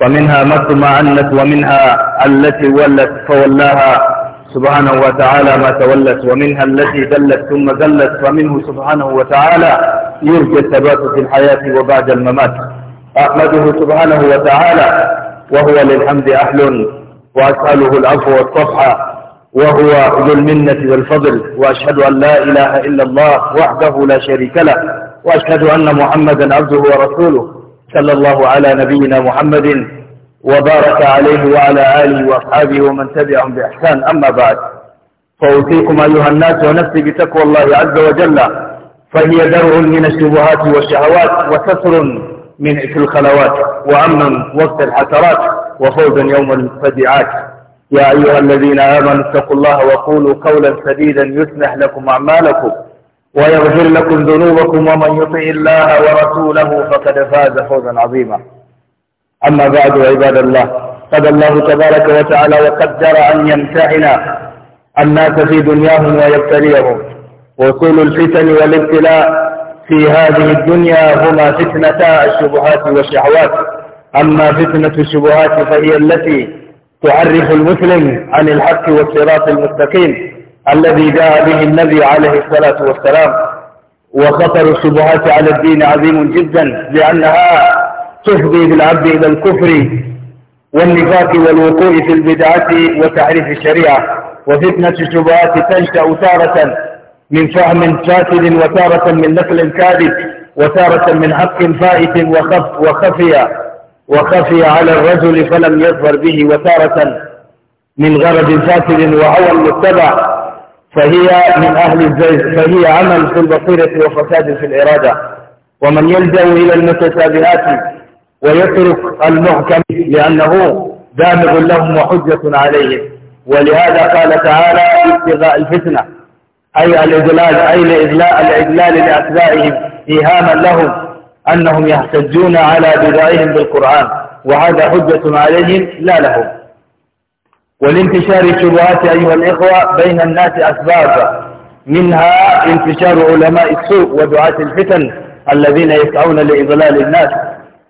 فمنها ما اطمأنت ومنها التي ولت فولاها سبحانه وتعالى ما تولت ومنها التي ذلت ثم ذلت فمنه سبحانه وتعالى يرجى الثبات في الحياة وبعد الممات أحمده سبحانه وتعالى وهو للحمد أهل وأسأله العفو والصفحة وهو ذو المنة والفضل وأشهد أن لا إله إلا الله وحده لا شريك له وأشهد أن محمدا عبده ورسوله صلى الله على نبينا محمد وبارك عليه وعلى آله وأصحابه ومن تبعهم بإحسان أما بعد فأوصيكم أيها الناس ونفسي بتقوى الله عز وجل فهي درع من الشبهات والشهوات وستر من في الخلوات وأمن وقت الحسرات وفوز يوم الفزعات يا أيها الذين آمنوا اتقوا الله وقولوا قولا سديدا يسمح لكم أعمالكم ويغفر لكم ذنوبكم ومن يطع الله ورسوله فقد فاز فوزا عظيما أما بعد عباد الله قد الله تبارك وتعالى وقدر أن يمتحن الناس في دنياهم ويبتليهم وصول الفتن والابتلاء في هذه الدنيا هما فتنتا الشبهات والشهوات أما فتنة الشبهات فهي التي تعرف المسلم عن الحق والصراط المستقيم الذي جاء به النبي عليه الصلاة والسلام وخطر الشبهات على الدين عظيم جدا لأنها تفضي بالعبد إلى الكفر والنفاق والوقوع في البدعة وتحريف الشريعة وفتنة الشبهات تنشأ تارة من فهم فاسد وتارة من نقل كاذب وتارة من حق فائت وخف وخفي وخفي على الرجل فلم يظهر به وتارة من غرض فاسد وهوى متبع فهي من أهل الزيغ فهي عمل في البصيرة وفساد في الإرادة ومن يلجأ إلى المتشابهات ويترك المحكم لأنه دامغ لهم وحجة عليهم ولهذا قال تعالى ابتغاء الفتنة أي الإذلال أي الإذلال لأتباعهم إيهاما لهم أنهم يحتجون على بدائهم بالقرآن وهذا حجة عليهم لا لهم ولانتشار الشبهات أيها الإخوة بين الناس أسباب منها انتشار علماء السوء ودعاة الفتن الذين يسعون لإضلال الناس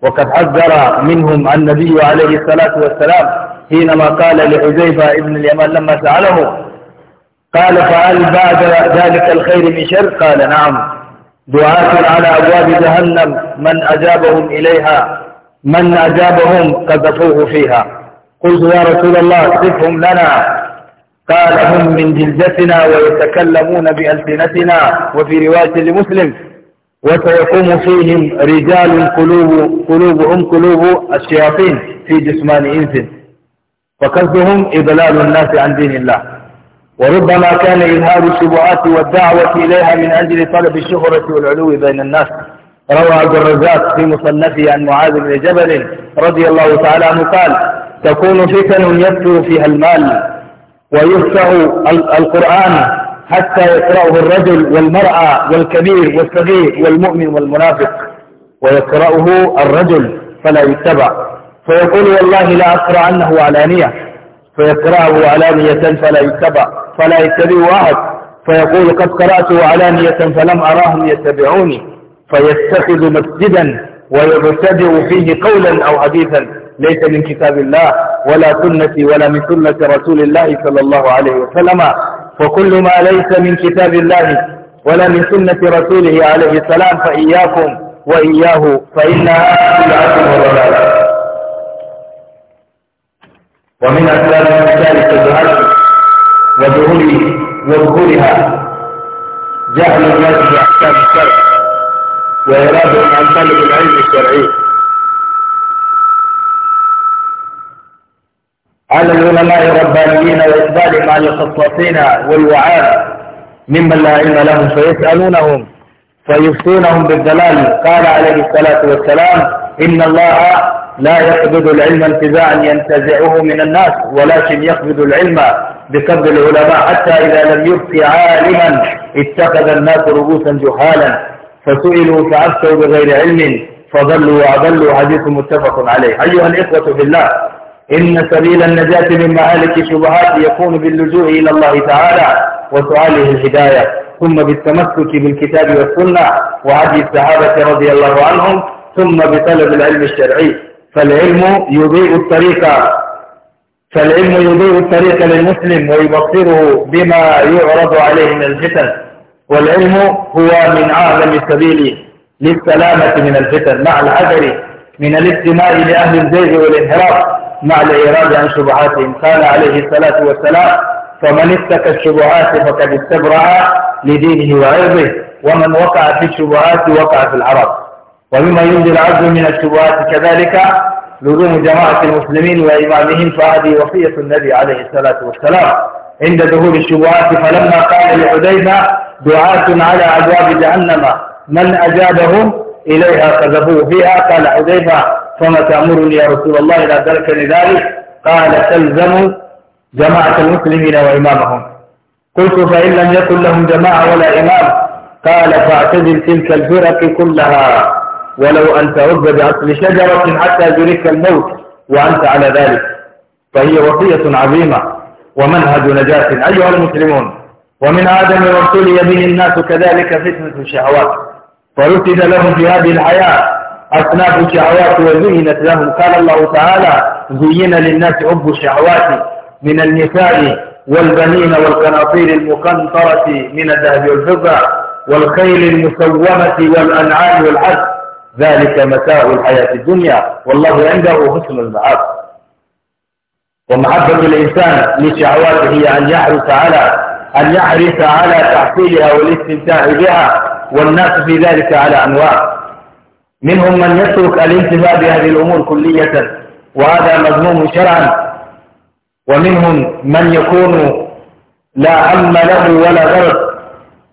وقد حذر منهم النبي عليه الصلاة والسلام حينما قال لحذيفة ابن اليمان لما سأله قال فهل بعد ذلك الخير من شر قال نعم دعاة على أبواب جهنم من أجابهم إليها من أجابهم قذفوه فيها قلت يا رسول الله صفهم لنا قال هم من جلدتنا ويتكلمون بألسنتنا وفي رواية لمسلم وسيقوم فيهم رجال قلوب قلوبهم قلوب الشياطين في جسمان إنس فقصدهم إضلال الناس عن دين الله وربما كان إظهار الشبهات والدعوة إليها من أجل طلب الشهرة والعلو بين الناس روى عبد الرزاق في مصنفه عن معاذ بن جبل رضي الله تعالى عنه قال تكون فتن يكثر فيها المال ويخفع القرآن حتى يقرأه الرجل والمرأة والكبير والصغير والمؤمن والمنافق ويقرأه الرجل فلا يتبع فيقول والله لا أقرأ عنه علانية فيقرأه علانية فلا يتبع فلا يتبع أحد فيقول قد قرأته علانية فلم أراهم يتبعوني فيتخذ مسجدا ويرتدع فيه قولا أو حديثا ليس من كتاب الله ولا سنة ولا من سنة رسول الله صلى الله عليه وسلم وكل ما ليس من كتاب الله ولا من سنة رسوله عليه السلام فإياكم وإياه فإنها بدعة وضلالة ومن أسباب المشارك الظهر وظهورها جهل الناس بأحكام الشرع وإرادة عن طلب العلم الشرعي على العلماء الربانيين وإقبالهم على الخصاصين والوعاء ممن لا علم لهم فيسألونهم فيفتونهم بالدلال قال عليه الصلاة والسلام إن الله لا يقبض العلم انتزاعا ينتزعه من الناس ولكن يقبض العلم بقبض العلماء حتى إذا لم يبقي عالما اتخذ الناس رؤوسا جهالا فسئلوا فأفتوا بغير علم فضلوا وأضلوا حديث متفق عليه أيها الإخوة بالله إن سبيل النجاة من مهالك الشبهات يكون باللجوء إلى الله تعالى وسؤاله الهداية ثم بالتمسك بالكتاب والسنة وهدي الصحابة رضي الله عنهم ثم بطلب العلم الشرعي فالعلم يضيء الطريق فالعلم يضيء الطريق للمسلم ويبصره بما يعرض عليه من الفتن والعلم هو من أعظم السبيل للسلامة من الفتن مع الحذر من الاستماع لأهل الزيغ والانحراف مع الإيراد عن شبهاتهم قال عليه الصلاة والسلام فمن اتقى الشبهات فقد استبرع لدينه وعرضه ومن وقع في الشبهات وقع في العرب ومما ينزل العز من الشبهات كذلك لزوم جماعة المسلمين وإمامهم فهذه وصية النبي عليه الصلاة والسلام عند ظهور الشبهات فلما قال لحذيفة دعاة على أبواب جهنم من أجابهم إليها قذفوه فيها قال حذيفة فما تأمرني يا رسول الله إذا أدركني ذلك قال تلزم جماعة المسلمين وإمامهم قلت فإن لم يكن لهم جماعة ولا إمام قال فاعتزل تلك الفرق كلها ولو أن تعب بأصل شجرة حتى يدرك الموت وأنت على ذلك فهي وصية عظيمة ومنهج نجاة أيها المسلمون ومن آدم ورسول به الناس كذلك فتنة الشهوات فرتد لهم في هذه الحياة أصناف الشهوات وزينت لهم قال الله تعالى زين للناس حب الشهوات من النساء والبنين والقناطير المقنطرة من الذهب والفضة والخيل المسومة والأنعام والحج ذلك متاع الحياة الدنيا والله عنده حسن المعاد ومحبة الإنسان لشهواته هي أن يحرص على أن يحرص على تحصيلها والاستمتاع بها والناس في ذلك على أنواع منهم من يترك الانتفاع بهذه الأمور كلية وهذا مذموم شرعا ومنهم من يكون لا هم له ولا غرض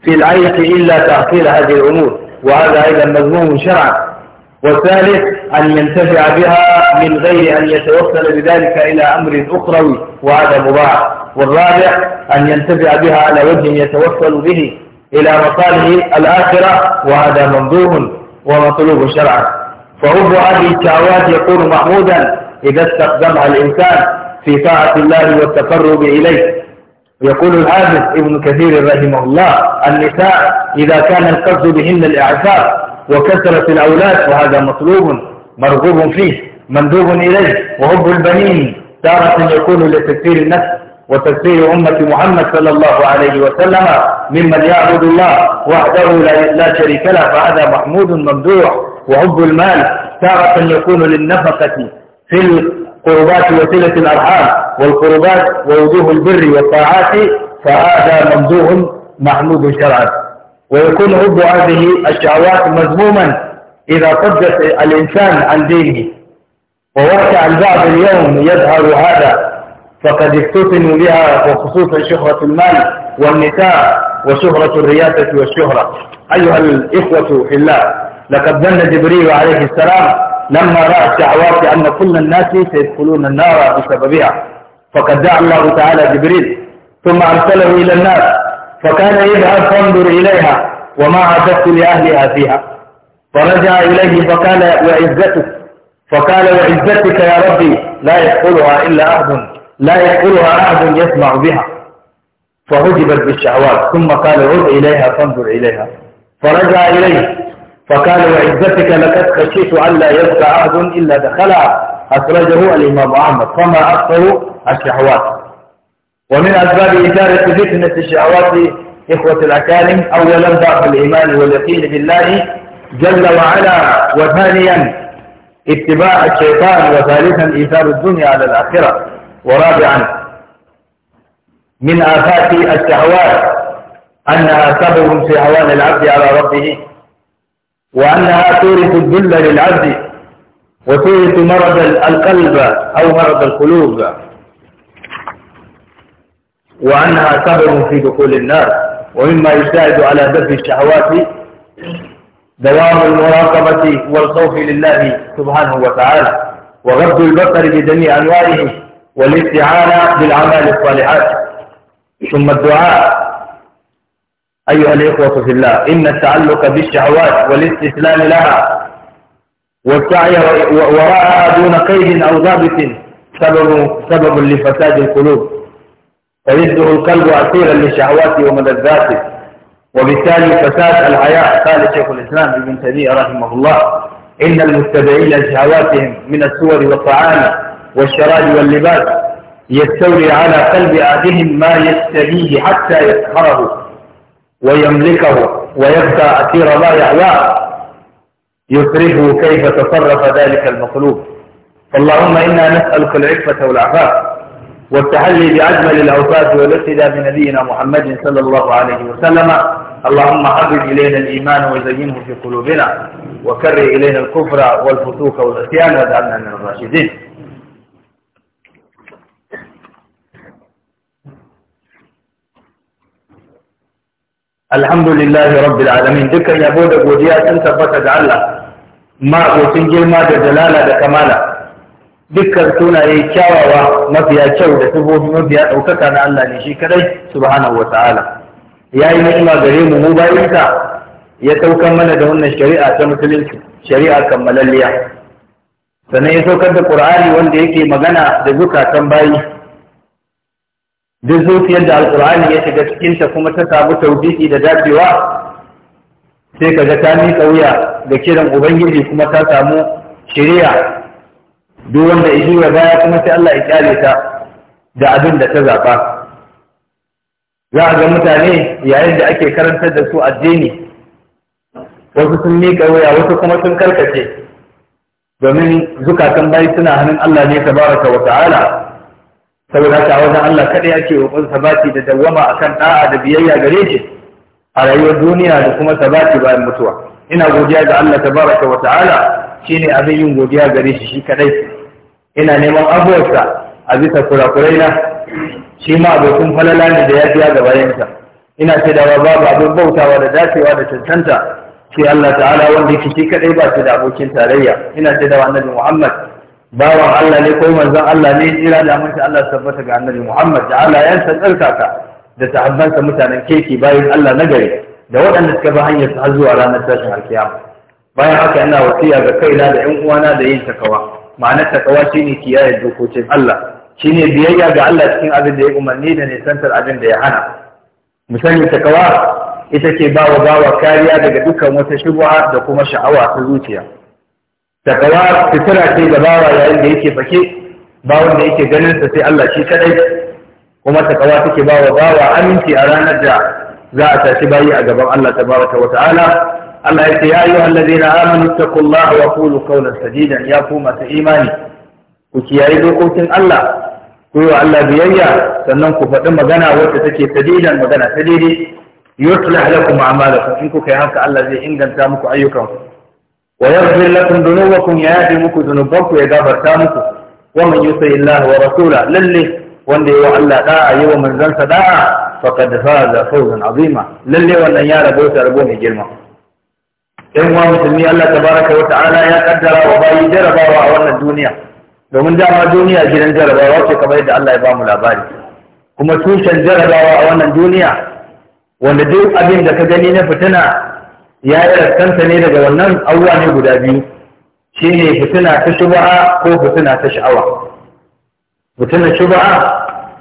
في العيش إلا تعطيل هذه الأمور وهذا أيضا مذموم شرعا والثالث أن ينتفع بها من غير أن يتوصل بذلك إلى أمر أخروي وهذا مباح والرابع أن ينتفع بها على وجه يتوصل به إلى مصالح الآخرة وهذا ممدوح ومطلوب شرعا فرب هذه الشهوات يكون محمودا إذا استخدمها الإنسان في طاعة الله والتقرب إليه يقول الحافظ ابن كثير رحمه الله النساء إذا كان القصد بهن الإعفاف وكثرة الأولاد وهذا مطلوب مرغوب فيه مندوب إليه وحب البنين تارة يكون لتكثير النفس وتسبيح أمة محمد صلى الله عليه وسلم ممن يعبد الله وحده لا شريك له فهذا محمود ممدوح وحب المال تارة يكون للنفقة في القربات وسيلة الأرحام والقربات ووجوه البر والطاعات فهذا ممدوح محمود شرعا ويكون حب هذه الشهوات مذموما إذا صدت الإنسان عن دينه ووقع البعض اليوم يظهر هذا فقد افتتنوا بها وخصوصا شهرة المال والنساء وشهرة الرياسة والشهرة أيها الإخوة في الله لقد ظن جبريل عليه السلام لما رأى الشعوات أن كل الناس سيدخلون النار بسببها فقد دعا الله تعالى جبريل ثم أرسله إلى الناس فكان يذهب فانظر إليها وما عددت لأهلها فيها فرجع إليه فقال وعزتك فقال وعزتك يا ربي لا يدخلها إلا أهد لا يقولها أحد يسمع بها فهجبت بالشهوات ثم قال عد إليها فانظر إليها فرجع إليه فقال وعزتك لقد خشيت ألا يبقى أحد إلا دخلها أخرجه الإمام أحمد فما أكثر الشهوات ومن أسباب إثارة فتنة الشهوات إخوة الأكارم أولا ضعف الإيمان واليقين بالله جل وعلا وثانيا اتباع الشيطان وثالثا إيثار الدنيا على الآخرة ورابعا من آفات الشهوات أنها سبب في هوان العبد على ربه وأنها تورث الذل للعبد وتورث مرض القلب أو مرض القلوب وأنها سبب في دخول النار ومما يساعد على دفع الشهوات دوام المراقبة والخوف لله سبحانه وتعالى وغض البصر بجميع أنواعه والاستعانة بالأعمال الصالحات ثم الدعاء أيها الإخوة في الله إن التعلق بالشهوات والاستسلام لها والسعي وراءها دون قيد أو ضابط سبب, سبب لفساد القلوب فيصبح القلب أسيرا للشهوات وملذاته وبالتالي فساد الحياة قال شيخ الإسلام ابن تيمية رحمه الله إن المتبعين لشهواتهم من السور والطعام والشراب واللباس يستولي على قلب أحدهم ما يستهيه حتى يسهره ويملكه ويبقى أثير ما يحياه يصرفه كيف تصرف ذلك المخلوق اللهم إنا نسألك العفة والعفاف والتحلي بأجمل الأوقات والاقتداء بنبينا محمد صلى الله عليه وسلم اللهم حبب إلينا الإيمان وزينه في قلوبنا وكره إلينا الكفر والفتوك والعصيان ودعنا من الراشدين alhamdulillahi rabbil alamin dukkan yabo da godiya sun tabbata ga Allah ma abokin girma da dalala da kamala dukkan sunaye kyawawa mafiya kyau da sifofi mafiya ɗaukaka na Allah ne shi kadai subhanahu wata'ala ya yi ni'ima gare mu mu bayinsa ya saukan mana da wannan shari'a ta musulunci shari'a kammalalliya sannan ya saukar da qur'ani wanda yake magana da zukatan bayi duk zuciyar da alkur'ani ya shiga cikinta kuma ta samu tauhidi da dacewa sai kaga ta miƙa wuya ga kiran ubangiji kuma ta samu shiriya duk wanda ya juya baya kuma sai Allah ya kyale ta da abin da ta zaɓa za a ga mutane yayin da ake karantar da su addini wasu sun miƙa wuya wasu kuma sun karkace domin zukatan bai suna hannun Allah ne tabaraka wa ta'ala saboda haka wajen Allah kaɗai ake roƙon sabati da dawwama akan ɗa'a da biyayya gare shi a rayuwar duniya da kuma sabati bayan mutuwa ina godiya ga Allah tabaraka wa ta'ala shine abin yin godiya gare shi shi kaɗai ina neman abuwarsa a bisa kurakurai na shi ma abokin falala ne da ya fiya ga bayansa ina shaidawa babu abin bautawa da dacewa da cancanta sai Allah ta'ala wanda yake shi kaɗai ba shi da abokin tarayya ina shaidawa annabi Muhammad bawan Allah ne ko manzon Allah ne jira da amince Allah tabbata ga annabi Muhammad da Allah ya da sahabbansa mutanen keke bayan Allah na gari da waɗanda suka bi hanyar su har zuwa ranar tashin alkiyama bayan haka ina wasiya ga kaina da ƴan uwana da yin takawa ma'anar takawa shine kiyaye dokokin Allah shine biyayya ga Allah cikin abin da ya umarni da nisantar abin da ya hana mu takawa ita ke bawa bawa kariya daga dukkan wata shubha da kuma sha'awa ta zuciya takawa fitira ce ga bawa yayin da yake fake bawon da yake ganin sa sai Allah shi kadai kuma takawa take bawa bawa aminci a ranar da za a tashi bayi a gaban Allah tabaraka wa ta'ala Allah ya ce ya ayyuhal ladina amanu taqullaha wa qulu qawlan sadidan ya ku masu imani ku kiyaye dokokin Allah ku yi wa Allah biyayya sannan ku faɗi magana wacce take sadidan magana ta daidai yuslah lakum a'malakum in kuka yi haka Allah zai inganta muku ayyukanku ويغفر لكم ذنوبكم يا يادي مكو ذنوبكم يغفر تامكو ومن يطع الله ورسوله للي وندي وعلا داعا يوم من زنس داعا فقد فاز فوزا عظيما للي وانا يا ربوت ربوني جلما إن هو مسلمي الله تبارك وتعالى يا قدر وباي جربا وعوانا الدنيا domin dama duniya gidan jarabawa ce kamar yadda Allah ya bamu labari kuma tushen jarabawa a wannan duniya wanda duk abin da ka gani na fitina ya yi raskanta ne daga wannan abubuwa ne guda biyu shi ne fitina ta shuba'a ko fitina ta sha'awa fitinar shuba'a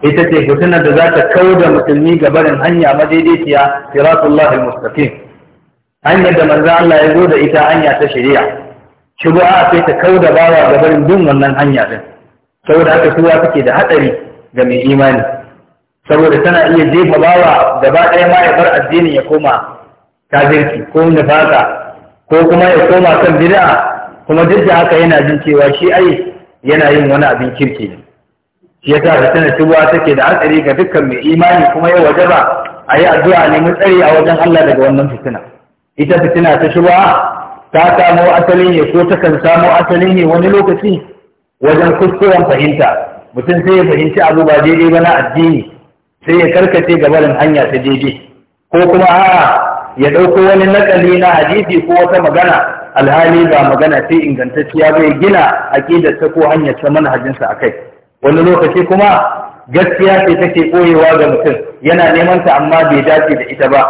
ita ce fitinar da za ta kau da musulmi ga barin hanya madaidaiciya siratullah al-mustaqim hanyar da manzo Allah ya zo da ita hanya ta shari'a shuba'a sai ta kau da bawa ga barin bin wannan hanya din saboda haka suwa take da hatsari ga mai imani saboda tana iya jefa bawa gaba ɗaya ma ya bar addinin ya koma kafirci ko nifaka ko kuma ya koma kan bid'a kuma duk da haka yana jin cewa shi ai yana yin wani abin kirki ne shi yasa fitinar tubuwa take da hatsari ga dukkan mai imani kuma ya wajaba a yi addu'a neman tsari a wajen Allah daga wannan fitina ita fitina ta shubuwa ta samo asali ne ko ta kan samo asali ne wani lokaci wajen kuskuren fahimta mutum sai ya fahimci abu ba daidai ba na addini sai ya karkace gabarin hanya ta daidai ko kuma a'a ya ɗauko wani nakali na hadisi ko wata magana alhali ba magana sai ingantacciya bai gina aƙidarsa ko hanyar ta manhajinsa a kai wani lokaci kuma gaskiya ce take koyewa ga mutum yana neman ta amma bai dace da ita ba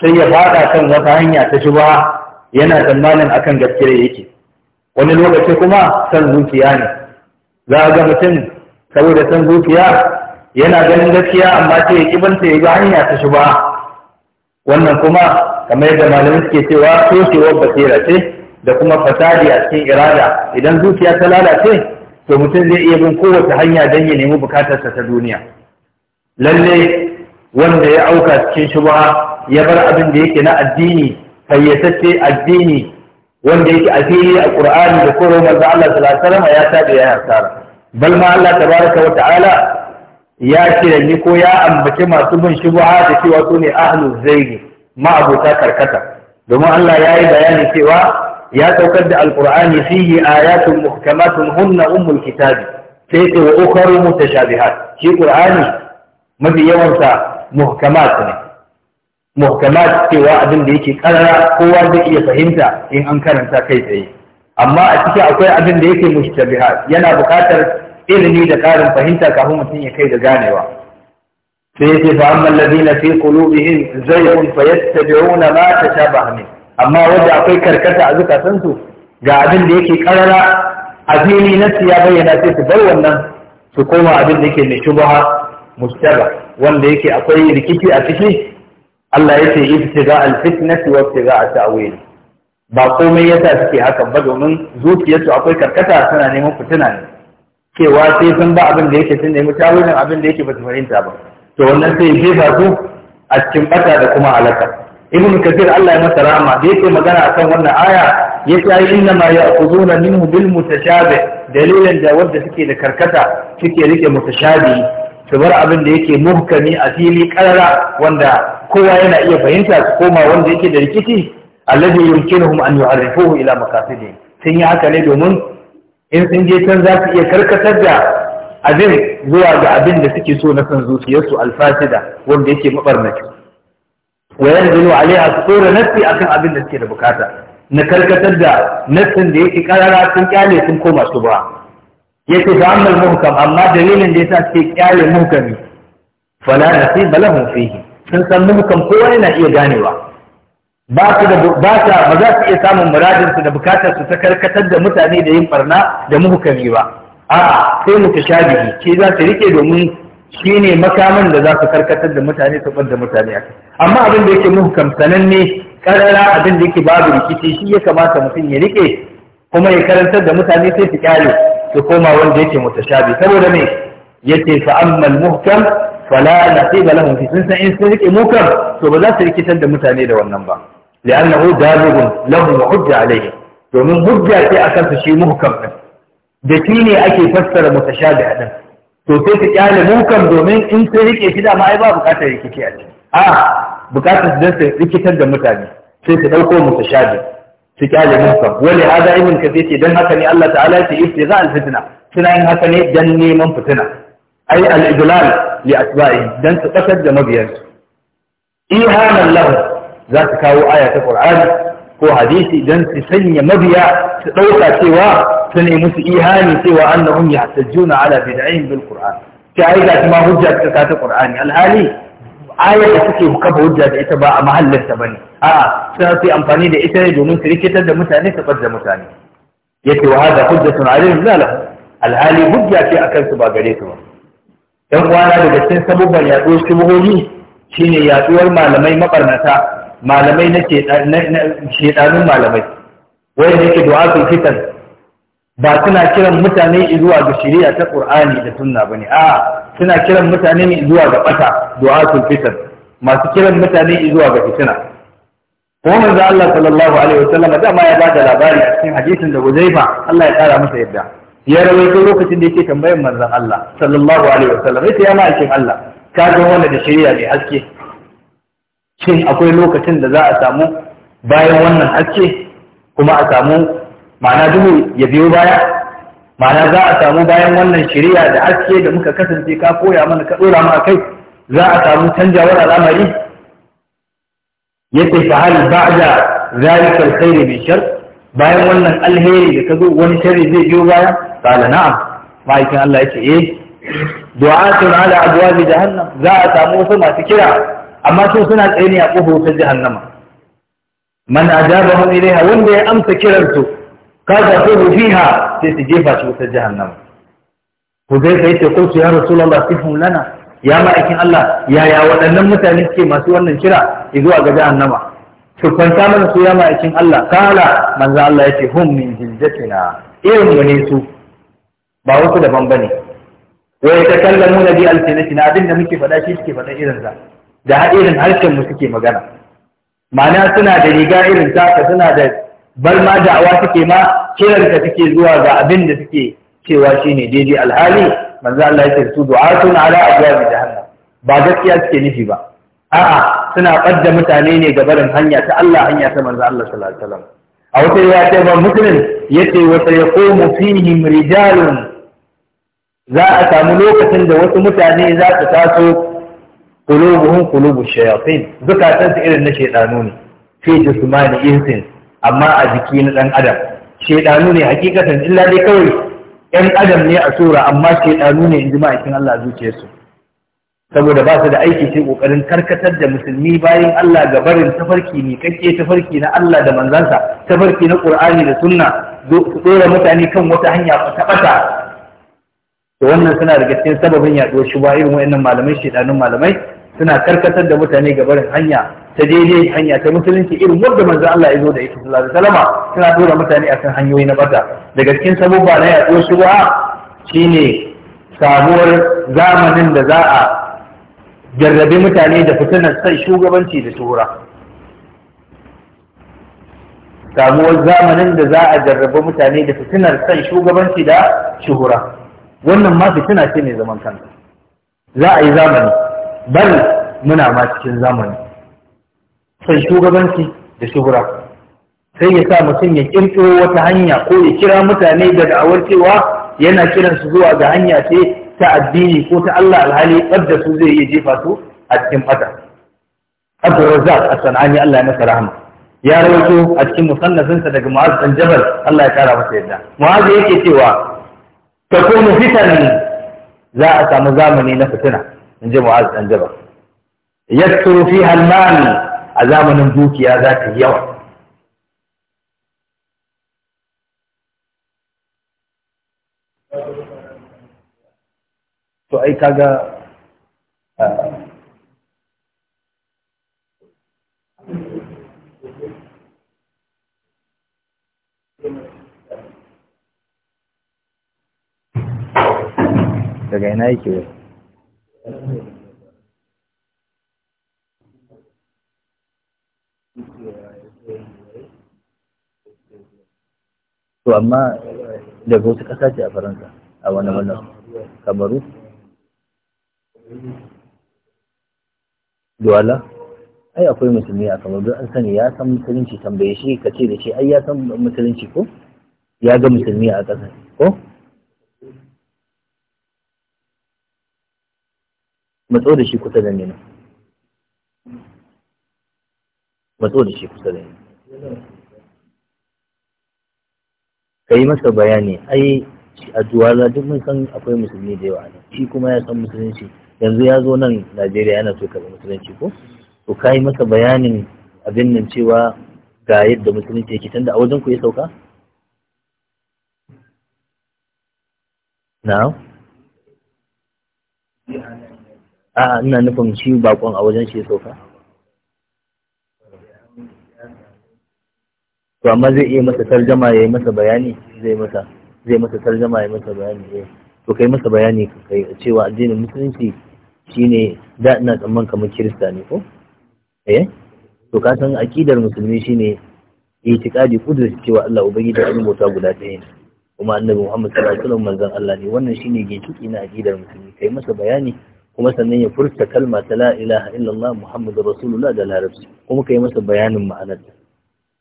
sai ya faɗa kan wata hanya ta shi ba, yana tsammanin akan gaskiya yake wani lokaci kuma san zuciya ne za ga mutum saboda san zuciya yana ganin gaskiya amma sai ya kibanta ya ga hanya ta shi ba. wannan kuma kamar yadda malamai suke cewa toshewar basira ce da kuma fasadi a cikin irada idan zuciya ta lalace to mutum zai iya bin kowace hanya don ya nemi bukatarsa ta duniya lalle wanda ya auka cikin shubha ya bar abin da yake na addini fayyatacce addini wanda yake a fili a qur'ani da koro manzo Allah sallallahu alaihi wasallam ya tabi ya hasara bal ma Allah tabaraka wa ta'ala ya ce ni ko ya ambaci masu bin shubha da cewa su ne ahlul zaigi ma'abuta karkata domin Allah ya yi bayani cewa ya saukar da alqur'ani fihi ayatun muhkamatun hunna ummul kitabi sai ce wa ukharu mutashabihat shi qur'ani mafi sa muhkamat ne muhkamat cewa abin da yake karara kowa zai iya fahimta in an karanta kai tsaye amma a ciki akwai abin da yake mushtabihat yana bukatar ilimi da ƙarin fahimta kafin mutum ya kai da ganewa sai yace fa amma na fi qulubihim zayghun fayattabi'una ma ba hannu. amma wanda akwai karkata a zukatan ga abin da yake karara a fili na ya bayyana sai su bar wannan su koma abin da yake mai shubaha mustaba wanda yake akwai rikici a ciki Allah yace ibtiga al-fitnati wa ibtiga at-ta'wil ba komai yasa suke hakan ba domin zuciyarsu akwai karkata suna neman fitina ne cewa sai sun ba abin da yake sun nemi tawilin abin da yake ba su fahimta ba to wannan sai ba su a cikin bata da kuma halaka ibn kafir Allah ya masa rahama da yake magana akan wannan aya yace ai inna ma ya'khuduna minhu bil mutashabih dalilan da wanda suke da karkata suke rike mutashabi su bar abin da yake muhkami a fili karara wanda kowa yana iya fahimta su koma wanda yake da rikici alladhi yumkinuhum an yu'arrifuhu ila maqasidihim sun yi haka ne domin in sun je can za su iya karkatar da abin zuwa ga abin da suke so na kan zuciyarsu alfasida wanda yake mabarnaci wa yanzu alaiha tsora nafsi akan abin da suke da bukata na karkatar da nassin da yake karara sun kyale sun koma su ba yake fa amma muhkam amma dalilin da yasa suke kyale muhkami fala nasiba lahum fihi sun san muhkam kowa yana iya ganewa ba ba za su iya samun muradinsu da bukatar su ta karkatar da mutane da yin barna da muhukami ba a'a sai mu shabihi ke za su rike domin shi ne makaman da za su karkatar da mutane su da mutane a amma abin da yake muhukam sananne karara abin da yake babu rikici shi ya kamata mutum ya rike kuma ya karantar da mutane sai su kyale su koma wanda yake mutashabi saboda me yace fa ammal muhkam fala nasiba lahum fi sun san in sun rike muhkam to ba za su rikitar da mutane da wannan ba li'annahu dalibun lahu hujja alayhi domin hujja ce a su shi muhkam din da shi ne ake fassara mutashabih din to sai ta kyale muhkam domin in sai rike shi da ma ai ba bukatar a ciki a bukatar su dan su rikitar da mutane sai su dauko mutashabih su kyale muhkam wani hada ibn kathir ce dan haka ne Allah ta'ala ya suna yin dan neman fitina ai al-idlal li asba'i dan su kasar da mabiyansu ihanan lahu za su kawo aya ta qur'ani ko hadisi idan su sanya mabiya su ɗauka cewa su ne musu ihani cewa annahum juna ala da bil qur'an ta ai ga ma hujja ta ta qur'ani alhali ayar da suke kafa hujja da ita ba a mahallinta ta ne a'a suna su amfani da ita ne domin su rikitar da mutane su da mutane yace wa hada hujjatun alaihim la lahu alhali hujja ce akan su ba gare su ba dan uwana daga cikin sabubban yaduwar shubuhohi shine yaɗuwar malamai mabarnata malamai na shedanun malamai Wai wanda yake du'atul fitan ba suna kiran mutane zuwa ga shari'a ta Qur'ani da sunna bane a suna kiran mutane ne zuwa ga bata du'atul fitan masu kiran mutane zuwa ga fitina ko manzo Allah sallallahu alaihi wasallam da ma ya bada labari a cikin hadisin da Huzaifa Allah ya kara masa yadda ya rawaito lokacin da yake tambayar manzon Allah sallallahu alaihi wasallam yace ya ma'aikin Allah ka ga wanda da shari'a mai haske shin akwai lokacin da za a samu bayan wannan haske kuma a samu ma'ana duhu ya biyo baya ma'ana za a samu bayan wannan shirya da haske da muka kasance ka koya mana ka dora mu kai za a samu canjawar al'amari yace fa hal ba'da zalika alkhair bi shar bayan wannan alheri da kazo wani shari zai biyo baya qala na'am ma'aikin Allah yace eh du'atun ala abwabi jahannam za a samu wasu masu kira amma su suna tsaye ne a ƙofar wutar jahannama man ajabahum ilaiha wanda ya amsa kiran su ga ko fiha sai su jefa shi wutar jahannama Ku zai sai ce ko su ya rasulullah sifun lana ya ma'aikin Allah yaya waɗannan mutane suke masu wannan kira zuwa ga jahannama su kwanta mana su ya ma'aikin Allah kala manzo Allah ce hum min jildatina irin mu su ba wasu daban bane wa yatakallamu bi alsinatina abin da muke faɗa shi suke faɗa irin sa da haɗirin harshen mu suke magana ma'ana suna da riga irin taka suna da ma da'awa suke ma ka suke zuwa ga abin da suke cewa shine daidai alhali manzo Allah yake su du'atun ala abwabi jahannam ba gaskiya suke nufi ba a'a suna kadda mutane ne ga barin hanya ta Allah hanya ta manzo Allah sallallahu alaihi wasallam a wata riwaya ta ba muslim yace wa sayaqumu fihi rijalun za a samu lokacin da wasu mutane za su taso qulubuhum qulubu shayatin zukatan su irin na shedanu ne fi jismani insin amma a jiki na dan adam shedanu ne hakikatan illa dai kawai yan adam ne a sura amma shedanu ne inji ma'aikin Allah zuciyarsu saboda ba su da aiki sai kokarin karkatar da musulmi bayan Allah ga barin tafarki ne kake tafarki na Allah da manzansa tafarki na Qur'ani da Sunna su dora mutane kan wata hanya ta bata to wannan suna daga cikin sababin yaduwar shuba irin wayannan malamai shedanun malamai suna karkatar da mutane ga barin hanya ta daidai hanya ta musulunci irin wanda manzo Allah ya zo da ita sallallahu alaihi wasallam suna dora mutane akan hanyoyi na bata daga cikin sabubba na yaɗo shubha shine sabuwar zamanin da za a jarrabe mutane da fitinar sai shugabanci da tura samuwar zamanin da za a jarrabe mutane da fitinar sai shugabanci da shuhura wannan ma fitina ce mai zaman kanta za a yi zamani bal muna ma cikin zamani sai shugabanci da shugura sai ya sa mutum ya kirkiro wata hanya ko ya kira mutane da da'awar cewa yana kiran su zuwa ga hanya ce ta addini ko ta Allah alhali wadda su zai iya jefa su a cikin fata Razzaq as-Sanani Allah ya masa rahama ya rawaito a cikin sa daga Mu'az bin Jabal Allah ya kara masa yadda Mu'az yake cewa kuma fitani za a samu zamani na fitina من جمع عز أنجبر يكثر فيها المال عذاب ننجوك يا ذات اليوم تو كذا كاغا daga ina yake to amma daga wata ƙasa ce a faransa a wani wannan kamaru duwala ai akwai musulmi a kamar don an sani ya san musulunci tambaye shi ka ce da shi ai ya san musulunci ko ya ga musulmi a ƙasa ko matso da shi kusa da nina matso da shi kusa da nina ka yi masa bayani ai a duwala duk mun san akwai musulmi da yawa ne shi kuma ya san musulunci yanzu ya zo nan najeriya yana so karɓi musulunci ko to ka yi masa bayanin abin nan cewa ga yadda musulunci yake tunda a wajen ku ya sauka na'am a'a ina nufin shi bakon a wajen shi soka to amma zai iya masa tarjama ya yi masa bayani zai masa zai masa tarjama ya masa bayani eh to kai masa bayani kai cewa addinin musulunci shine da ina tsamman kamar kirista ne ko eh to ka san akidar musulmi shine itiqadi da cewa Allah ubangiji da bauta guda ɗaya ne kuma annabi Muhammad sallallahu alaihi wasallam manzon Allah ne wannan shine ginshiki na akidar musulmi kai masa bayani kuma sannan ya furta kalma ta la ilaha illallah muhammadu rasulullah da larabci kuma ka yi masa bayanin ma'anar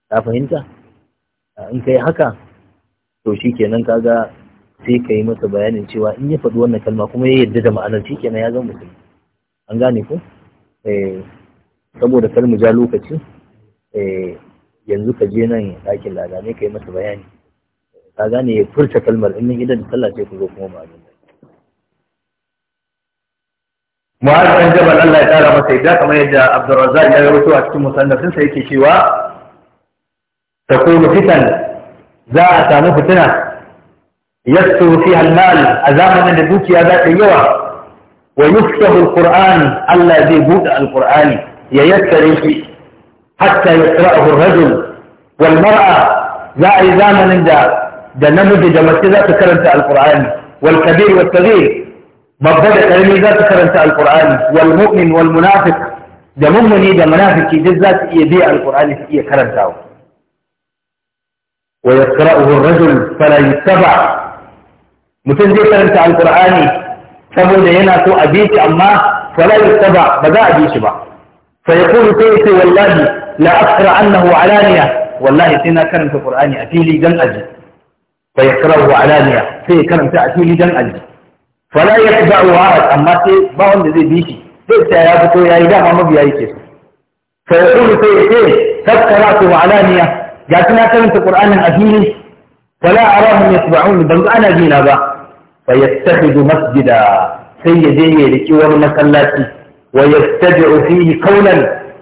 ta fahimta in ka yi haka to shi kenan kaga sai ka yi masa bayanin cewa in ya faɗi wannan kalma kuma ya yadda da ma'anar shi kenan ya zama musulmi an gane ko eh, saboda kar mu ja lokaci eh, yanzu ka je nan ɗakin lada ne ka yi masa bayani ka gane ya furta kalmar in idan da sallah sai ku zo kuma ma'anar mu'az dan jabal Allah ya tara masa yadda kamar yadda Abdurrazzaq ya rawaito a cikin musannafin sa yake cewa takunu fitan za a samu fitina yasu fiha al-mal a zamanin da dukiya za ta yi yawa ويفتح القرآن ألا يبود القرآن ييسر حتى يقرأه الرجل والمرأة لا إزاما دا دا نمج دا مسيدة تكرمت القرآن والكبير والصغير babba da ƙarami za su karanta alƙur'ani wal mu'min wal munafiq da mummuni da munafiki duk za su iya biya alƙur'ani su iya karantawa wa yaqra'uhu ar-rajul fala yuttaba mutum zai karanta alƙur'ani saboda yana so a bi shi amma fala yuttaba ba za a bi shi ba fa yaqulu sai wallahi la aqra annahu alaniya wallahi sai na karanta qur'ani a fili dan aji fa yaqra'uhu alaniya sai karanta a fili dan aji wala ya fi da'u arad amma sai ba wanda zai bi shi zai ta ya fito yayi dama mabiya yake so sai ya kuma sai ya ce tattara su alaniya ga tana karanta qur'anin a fili wala arahum yatba'un ban ga ana jina ba fa yattakhidhu masjida sai ya je ya riki wani masallaci wa yastad'u fihi qawlan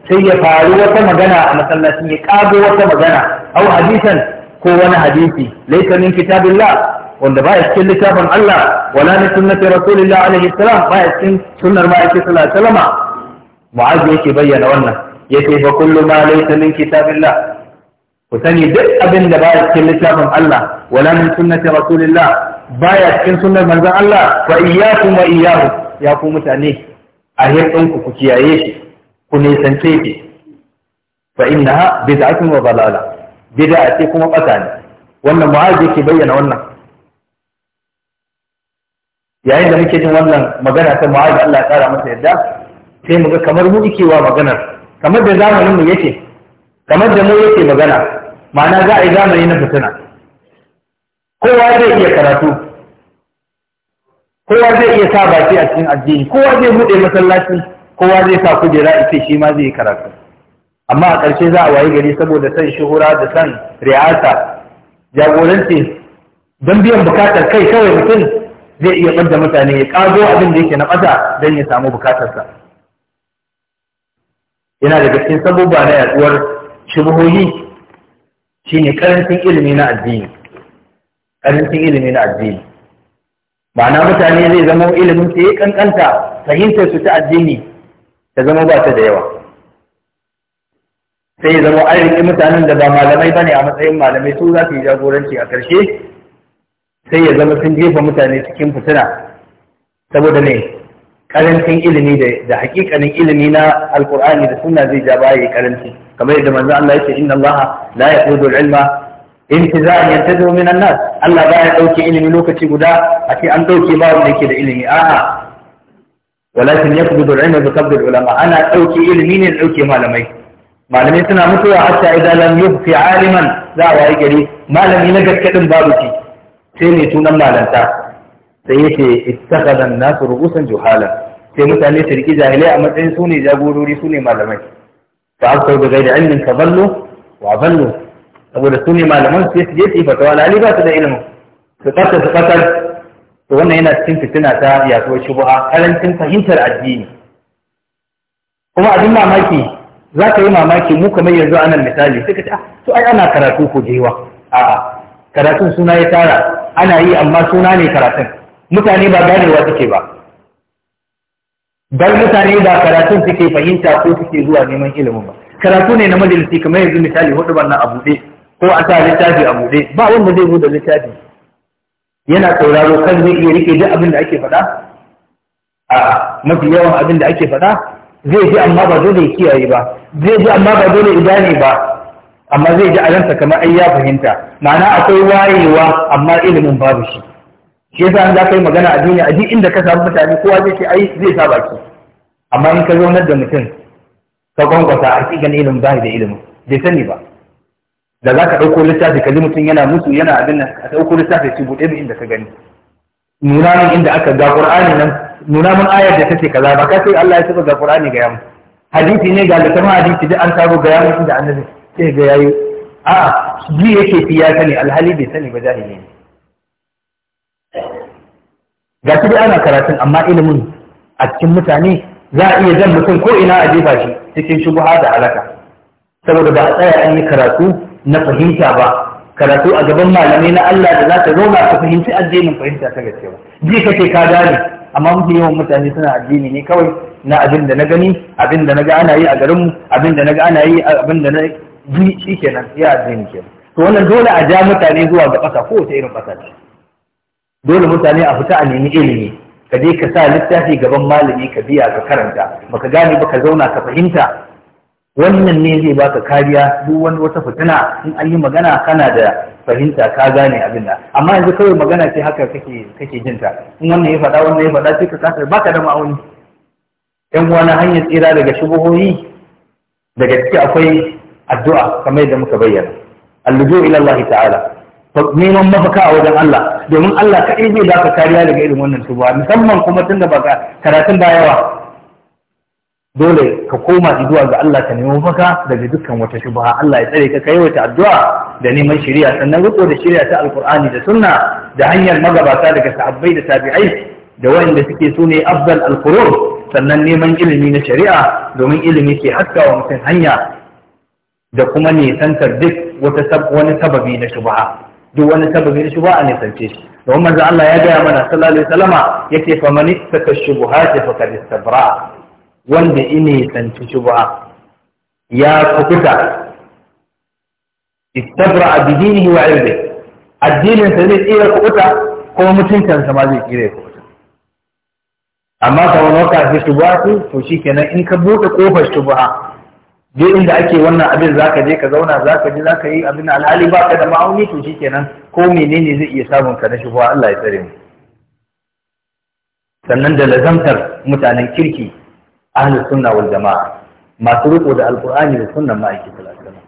sai ya faru wata magana a masallacin ya kago wata magana au hadisan ko wani hadisi laysa min kitabillah wanda baya cikin littafin Allah wala na sunnati rasulillah alaihi salam baya cikin sunnar ma'aikin sallallahu alaihi wasallam mu'az yake bayyana wannan yace fa kullu ma laysa min kitabillah ku sani duk abin da baya cikin littafin Allah wala min sunnati rasulillah baya cikin sunnar manzon Allah fa iyyakum wa iyyahu ya ku mutane a hirdin ku ku kiyaye shi ku nisance shi fa innaha bid'atun wa dalala bid'a ce kuma ɓata ne wannan mu'az yake bayyana wannan yayin da muke jin wannan magana ta mu'ayyar Allah ya kara masa yadda sai mu ga kamar mu yake wa maganar kamar da zamanin mu yake kamar da mu yake magana ma'ana za a yi zamani na fitina kowa zai iya karatu kowa zai iya sa baki a cikin addini kowa zai buɗe masallaci kowa zai sa kujera ita shi ma zai yi karatu amma a ƙarshe za a waye gari saboda san shuhura da san riyasa jagoranci don biyan bukatar kai kawai mutum zai iya ɓadda mutane ya ƙago abin da yake na ɓata don ya samu bukatarsa yana daga cikin sabubba na yaduwar shubuhoyi shine karancin ilimi na addini karancin ilimi na addini ma'ana mutane zai zama ilimin su ya kankanta fahimtar su ta addini ta zama ba ta da yawa sai ya zama ayyukan mutanen da ba malamai ba ne a matsayin malamai su za su yi jagoranci a ƙarshe sai ya zama sun jefa mutane cikin fitina saboda ne karancin ilimi da hakikanin ilimi na alkur'ani da sunna zai ja baya ya karanci kamar yadda manzo Allah yake inna Allah la yaqudu al-ilma intizan yantazu min an-nas Allah baya dauke ilimi lokaci guda a ce an dauke ba wanda yake da ilimi a'a walakin yaqbidu al-ilma bi qabdi al-ulama ana dauke ilimi ne da dauke malamai malamai suna mutuwa hatta idan lam yubqi aliman za a wayi gari malami na gaske din babu shi sai ne sunan malanta sai ya yace ittakhadhan nasu ru'usan juhala sai mutane su riki jahilai a matsayin su ne jagorori su ne malamai fa aktar da gaida ilmin ka ballo wa ballo saboda su ne malaman sai su je su yi fatawa lali ba su da ilimin su kasa su kasar to wannan yana cikin fitina ta yaduwar shubuha karancin fahimtar addini kuma abin mamaki za ka yi mamaki mu kamar yanzu anan misali suka ce ah, to ai ana karatu ko jewa a'a karatun suna ya tara ana yi amma suna ne karatun mutane ba ganewa suke ba bar mutane ba karatun suke fahimta ko suke zuwa neman ilimin ba karatu ne na majalisi kamar yanzu misali hudu wannan a buɗe ko a sa littafi a buɗe ba wanda zai buɗe littafi yana sauraro kan zai iya rike duk abin da ake faɗa a mafi yawan abin da ake faɗa zai ji amma ba dole ya kiyaye ba zai ji amma ba dole ya gane ba amma zai ji a ransa kamar ai ya fahimta ma'ana akwai wayewa amma ilimin babu shi shi yasa an za ka yi magana a duniya a duk inda ka samu mutane kowa zai ce ai zai sa baki amma in ka zaunar da mutum ka gwangwasa a cikin ilimin ba da ilimin bai sani ba da za ka ɗauko littafi ka ji mutum yana mutu yana abin nan ka ɗauko littafi ci buɗe mu inda ka gani nuna min inda aka ga qur'ani nan nuna min ayar da take kaza ba ka sai Allah ya saba ga qur'ani ga yamu hadisi ne ga littafin hadisi duk an sabo ga yamu inda annabi sai ga yayi a ji yake fi ya sani alhali bai sani ba jahili ne ga shi dai ana karatu amma ilimin a cikin mutane za a iya zan mutum ko ina a jefa shi cikin shubuha da alaka saboda ba a tsaya an yi karatu na fahimta ba karatu a gaban malamai na Allah da za ka zauna ka fahimci addinin fahimta ta gaske ba ji kake ka gane amma mafi yawan mutane suna addini ne kawai na abin da na gani abin da na ga ana yi a garinmu abin da na ga ana yi abin da na Jini shi kenan ya addini ke to wannan dole a ja mutane zuwa ga ƙasa ko irin ƙasa ce dole mutane a fita a nemi ilimi ka je ka sa littafi gaban malami ka biya ka karanta ka gane ba ka zauna ka fahimta wannan ne zai baka kariya duk wani wata fitina in an yi magana kana da fahimta ka gane abin da amma yanzu kawai magana ce haka kake kake jin ta in wannan ya faɗa wannan ya faɗa sai ka kasa baka da ma'auni yan uwa na hanyar tsira daga shubuhoyi daga ciki akwai addu'a kamar yadda muka bayyana allujo ila Allah ta'ala neman mafaka a wajen Allah domin Allah ka kaɗai zai baka kariya daga irin wannan tuba musamman kuma tun da baka karatun ba yawa dole ka koma zuwa ga Allah ka nemi mafaka daga dukkan wata shubha Allah ya tsare ka kai wata addu'a da neman shari'a sannan riko da shari'a ta alqur'ani da sunna da hanyar magabata daga sahabbai da tabi'ai da wanda suke su ne afdal alqurun sannan neman ilimi na shari'a domin ilimi ke haskawa mutum hanya da kuma nisantar duk wani sababi na shubha duk wani sababi na shubha a nisance shi don manzo Allah ya gaya mana sallallahu alaihi wasallama yake fa man ittaka shubuhat fa kad istabra wanda ine sanci shubha ya kukuta istabra bidinihi wa irdi addinin sa zai tsira kukuta ko mutuntan sa ma zai tsira kukuta amma ka wani waka shi su, to shikenan in ka buɗe kofar shubha duk inda ake wannan abin za ka je ka zauna za ka ji za ka yi abin alhali ba ka da ma'auni to shi kenan ko menene zai iya samun ka na shubuwa Allah ya tsare mu sannan da lazantar mutanen kirki ahlus sunna wal jama'a masu riko da alqur'ani da sunnan ma'aiki sallallahu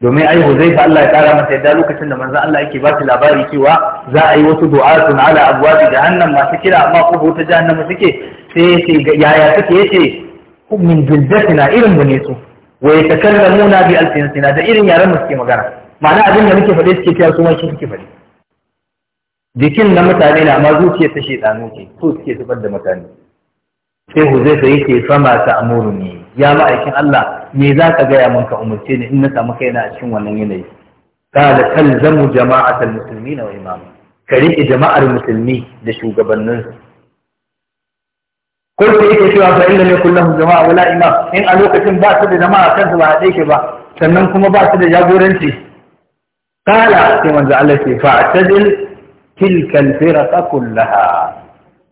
domin ai Huzaifa Allah ya kara masa yadda lokacin da manzo Allah yake ba shi labari cewa za a yi wasu du'atun ala abwabi jahannam masu kira amma ko ta jahannama suke sai yace yaya suke yace min na irin mu ne su wa yatakallamuna bi alsinatina da irin yaran mu suke magana ma'ana abin da muke faɗe suke cewa su ma shi suke faɗe jikin na mutane na amma zuciya ta shedanu ce su suke zubar da mutane sai huzaifa yake fama ta ne. ya ma'aikin Allah me za ka gaya mun ka umarce ni in na samu kaina a cikin wannan yanayi kala talzamu jama'atul muslimina wa imama ka riƙe jama'ar musulmi da shugabanninsu قلت ايه كيف يعرف الا ان يكون لهم جماعه ولا امام ان الوقت ان باس بجماعه كانت ما عليك با سنن كما باس بجابورنتي قال في من جعلت فاعتزل تلك الفرق كلها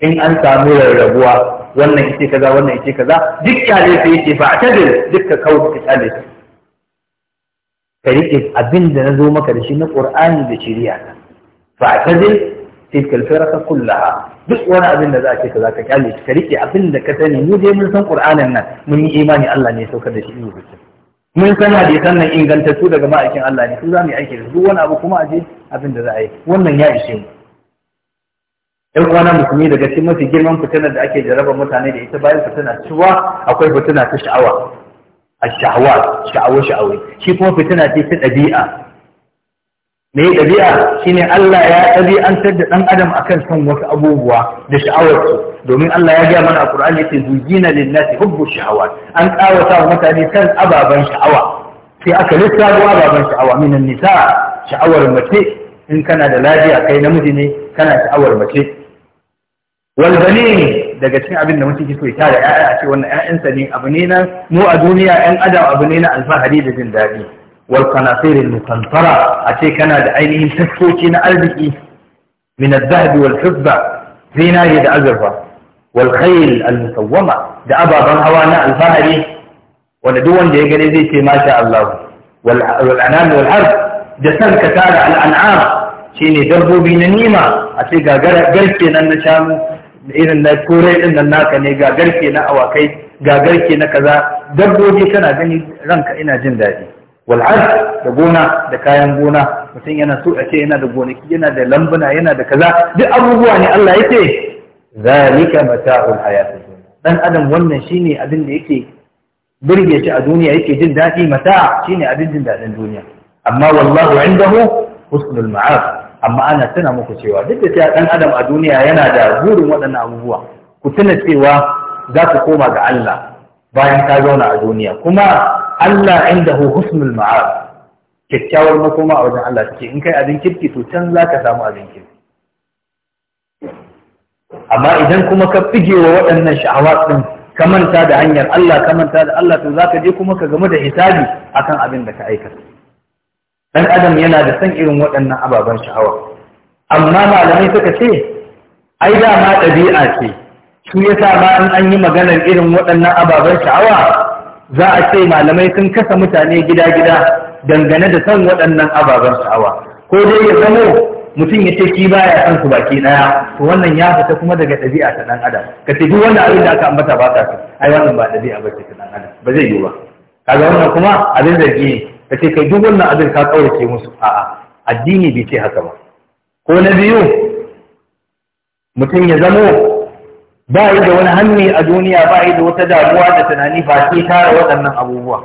ان انت امير الربوع وانا ايتي كذا وانا ايتي كذا دك قال في ايتي فاعتزل دك كوب تسالت فريق ابن ده نزو القران ده فاعتزل تلك الفرق كلها duk wani abin da za a ce ka za ka kyale ka rike abin da ka sani mu dai mun san qur'anin nan mun yi imani Allah ne ya saukar da shi ne bikin mun san hadisan nan ingantattu daga ma'aikin Allah ne su za mu yi aiki da duk wani abu kuma a je abin da za a yi wannan ya ishe mu ɗan uwana musulmi daga cikin mafi girman fitinar da ake jaraba mutane da ita bayan fitina cewa akwai fitina ta sha'awa a sha'awa sha'awa sha'awai shi kuma fitina ce ta ɗabi'a mai ɗabi'a shine Allah ya ɗabi'antar da ɗan adam akan son wasu abubuwa da sha'awarsu domin Allah ya gaya mana a Qur'ani yake zujina linnasi hubbu sha'awat an ƙawata wa mutane kan ababen sha'awa sai aka lissafo ababen sha'awa minan nisa sha'awar mace in kana da lafiya kai namiji ne kana sha'awar mace wal banin daga cikin abin da mutum ke so ya tara ƴaƴa a ce wannan ƴaƴansa ne abu ne na mu a duniya ƴan adam abu ne na alfahari da jin daɗi wal qanatir al muqantara a ce kana da ainihin taskoki na arziki min al-dhahab wal zinari da azurfa wal khayl al musawwama da ababan hawa na alfahari wanda duk wanda ya gane zai ce masha Allah wal anam wal harb da san ka al an'am shine dabbobi na nima a ce ga garke nan na shanu irin na turai din nan naka ne ga na awakai ga garke na kaza dabbobi kana gani ranka ina jin daɗi wal'ad da gona da kayan gona mutum yana so a ce yana da gonaki yana da lambuna yana da kaza duk abubuwa ne Allah ya ce zalika mata'ul hayatid dunya dan adam wannan shine abin da yake burge shi a duniya yake jin dadi mata shine abin jin dadin duniya amma wallahu indahu husnul ma'ab amma ana tana muku cewa duk da cewa dan adam a duniya yana da burin waɗannan abubuwa ku tuna cewa za ku koma ga Allah bayan ka zauna a duniya kuma Allah indahu husnul ma'ab kyakkyawar makoma a wajen Allah take in kai abin kirki to can ka samu abin kirki amma idan kuma ka wa waɗannan sha'awa din ka manta da hanyar Allah ka manta da Allah to zaka je kuma ka game da hisabi akan abin da ka aikata dan adam yana da san irin waɗannan ababen sha'awa amma malamai suka ce ai dama ɗabi'a ce su ya sa ma in an yi maganar irin waɗannan ababen sha'awa za a ce malamai sun kasa mutane gida-gida dangane da son waɗannan ababen sha'awa ko dai ya zamo mutum ya ce shi baya son su baki ɗaya to wannan ya fita kuma daga ɗabi'a ta ɗan adam ka ce duk wanda abin da aka ambata ba ka so ai wannan ba ɗabi'a ba ce ta ɗan adam ba zai yiwu ba kaga wannan kuma abin zargi ne ka ce kai duk wannan abin ka ƙaurace musu a'a addini bai ce haka ba ko na biyu mutum ya zamo ba yi da wani hannu a duniya ba yi da wata damuwa da tunani ba sai tara waɗannan abubuwa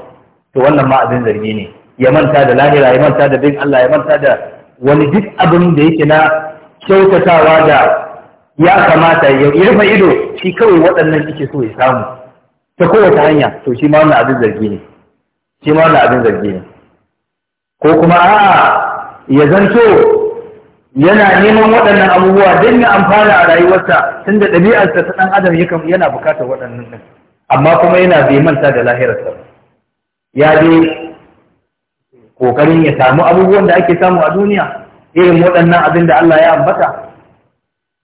to wannan ma abin zargi ne ya manta da lahira ya manta da bin Allah ya manta da wani duk abin da yake na kyautatawa da ya kamata ya rufe ido shi kawai waɗannan yake so ya samu ta kowace hanya to shi ma wannan abin zargi ne shi ma wannan abin zargi ne ko kuma a'a ya zanto yana neman waɗannan abubuwa don ya amfana a rayuwarsa tun da ɗabi'arsa ta ɗan adam yana bukatar waɗannan ɗin amma kuma yana bai manta da lahirarsa ya dai ƙoƙarin ya samu abubuwan da ake samu a duniya irin waɗannan abin da Allah ya ambata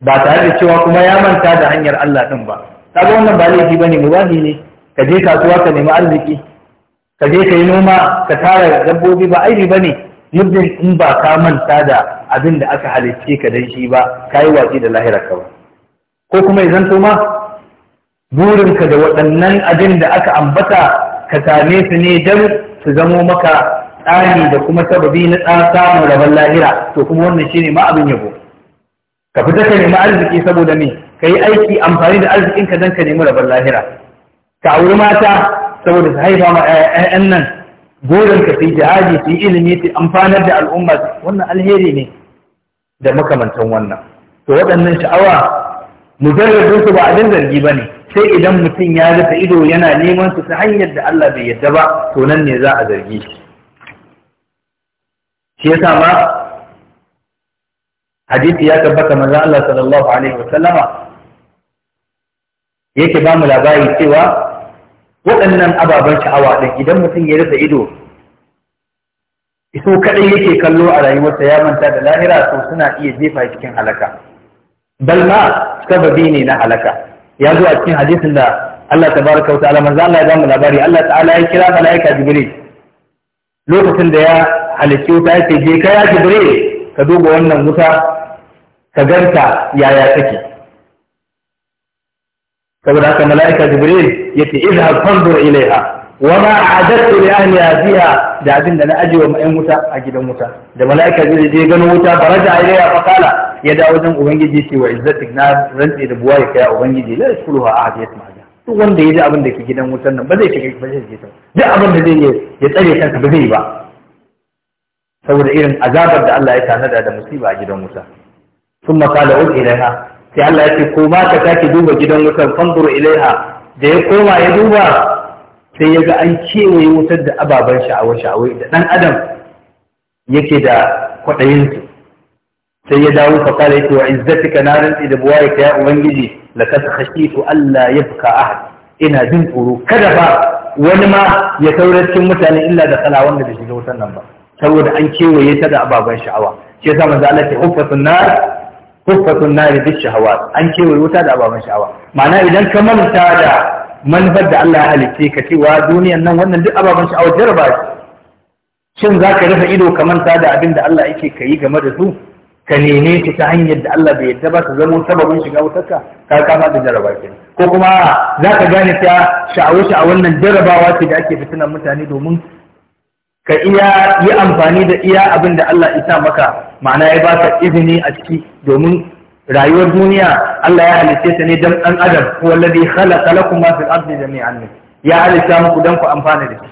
ba tare da cewa kuma ya manta da hanyar Allah ɗin ba kaga wannan ba laifi bane mubahi ne ka je kasuwa ka nemi arziki ka je ka yi noma ka tara dabbobi ba aibi ne. muddin in ba ka manta da abin da aka halicce ka dan shi ba ka yi watsi da lahira ka ba ko kuma ya zanto ma burinka da waɗannan abin da aka ambata ka same su ne don su zamo maka tsari da kuma sababi na ɗan samun rabon lahira to kuma wannan shine ma abin yabo ka fita ka nemi arziki saboda me ka yi aiki amfani da arzikinka dan ka nemi rabon lahira ka auri mata saboda su haifa ma 'ya'yan nan burin ka fi jihadi fi ilimi fi amfanar da al'umma wannan alheri ne da makamantan wannan to waɗannan sha'awa mujarradin su ba abin zargi ba ne, sai idan mutum ya rufe ido yana neman su ta hanyar da Allah bai yarda ba to nan ne za a zargi shi shi yasa ma hadisi ya tabbata manzon Allah sallallahu alaihi wasallama yake ba mu labari cewa waɗannan ababen sha'awa ɗin idan mutum ya rasa ido iso kaɗai yake kallo a rayuwarsa ya manta da lahira to suna iya jefa cikin halaka Balma sababi ne na halaka ya zo a cikin hadisin da Allah tabaraka wa ta'ala manzo Allah ya bamu labari Allah ta'ala ya kira malaika Jibril lokacin da ya halicci wuta ya ce je ka ya Jibril ka duba wannan wuta ka ganta yaya take saboda haka mala'ika jibril yace izhab fanzur ilaiha wa ma a'adattu li ahli hadiha da abinda da na aje wa ma'in wuta a gidan wuta da mala'ika jibril je gano wuta baraja ilaiha fa kala ya da wajen ubangiji ce wa izzati na rantsi da buwaye kai ubangiji la a ahad yasma duk wanda ya ji abin da ke gidan wutan nan ba zai shiga ba zai shiga duk abin da zai ya tsare kansa ba zai ba saboda irin azabar da Allah ya tanada da musiba a gidan wuta sun قال uku ilaiha sai Allah ya ce ko ma ka sake duba gidan wutar fanzur ilaiha da ya koma ya duba sai ya ga an kewaye wutar da ababen sha'awa-sha'awai da ɗan adam yake da kwaɗayinsu sai ya dawo fa kala yake wa izzatika na rantsi da buwaye ka ya ubangiji laqad khashitu alla yabka ahad ina jin tsoro kada ba wani ma ya cikin mutane illa da kala wanda da shiga wutar nan ba saboda an kewaye ta da ababen sha'awa shi yasa manzo Allah ya ce huffatun nar huffatun nari duk shahawa an kewaye wuta da ababen sha'awa ma'ana idan ka manta da manufar da Allah ya halitte ka cewa duniyan nan wannan duk ababen sha'awa jaraba shin za ka rufe ido ka manta da abin da Allah yake ka yi game da su ka neme ta hanyar da Allah bai yadda ba su zama sababin shiga wutarka ka kama da jaraba ke ko kuma za ka gane ta sha'awu sha'awun nan jarabawa ce da ake fitinan mutane domin ka iya yi amfani da iya abin da Allah isa maka ma'ana ya baka izini a ciki domin rayuwar duniya Allah ya halice ta ne dan dan adam ko wallazi khalaqa lakum ma fil ardi jami'an ya halitta muku dan ku amfana da shi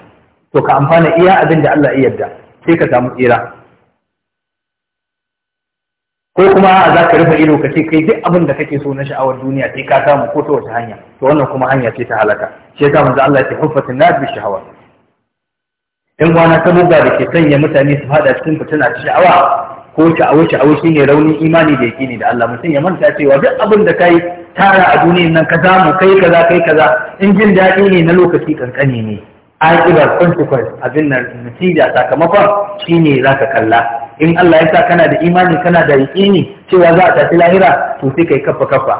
to ka amfana iya abin da Allah ya yarda sai ka samu tsira ko kuma za ka rufe ido ka ce kai duk abin da kake so na sha'awar duniya sai ka samu ko ta wace hanya to wannan kuma hanya ce ta halaka shi yasa manzo Allah ya ce huffatin nas bi shahawa in wana ta buga da ke sanya mutane su fada cikin fitina ta sha'awa ko shaawai sha'awa shi ne raunin imani da yakini da Allah mutum ya manta cewa duk abin da kai tara a duniyan nan ka samu kai kaza kai kaza in jin daɗi ne na lokaci kankani ne aƙibar consequence abin nan natija sakamakon shine zaka kalla in Allah ya sa kana da imani kana da yaƙini cewa za a tafi lahira to sai kai kafa kafa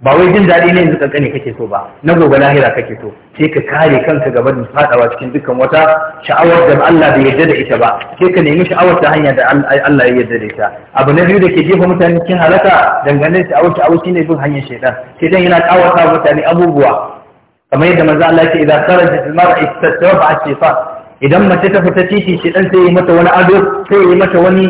ba wai jin daɗi ne yanzu kankane kake so ba na gobe lahira kake so sai ka kare kanka gaba da fadawa cikin dukkan wata sha'awar da Allah bai yarda da ita ba sai ka nemi sha'awar ta hanya da Allah ya yarda da ita abu na biyu da ke jefa mutane cikin halaka dangane da sha'awar sha'awar shine bin hanyar shaidan shaidan yana kawata mutane abubuwa kamar yadda manzo Allah ya ce idan kharaja al-mar'a istatawba ash-shaytan idan mace ta fita titi shaidan sai ya mata wani ado sai ya mata wani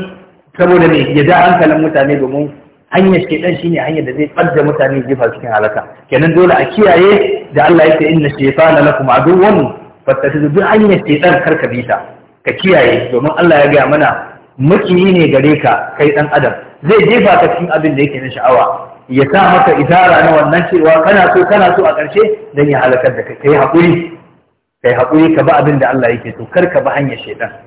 saboda ne ya ja hankalin mutane domin hanyar shaitan shine hanyar da zai ɓadda mutane jifa cikin halaka kenan dole a kiyaye da Allah yake inna shaytana lakum aduwwan fattakhidhu duk hanyar shaitan karka bi ta ka kiyaye domin Allah ya gaya mana makiyi ne gare ka kai dan adam zai jefa ka cikin abin da yake na sha'awa ya sa maka idara na wannan cewa kana so kana so a ƙarshe dan ya halakar da kai kai haƙuri kai haƙuri ka ba abin da Allah yake so kar ka ba hanyar shaitan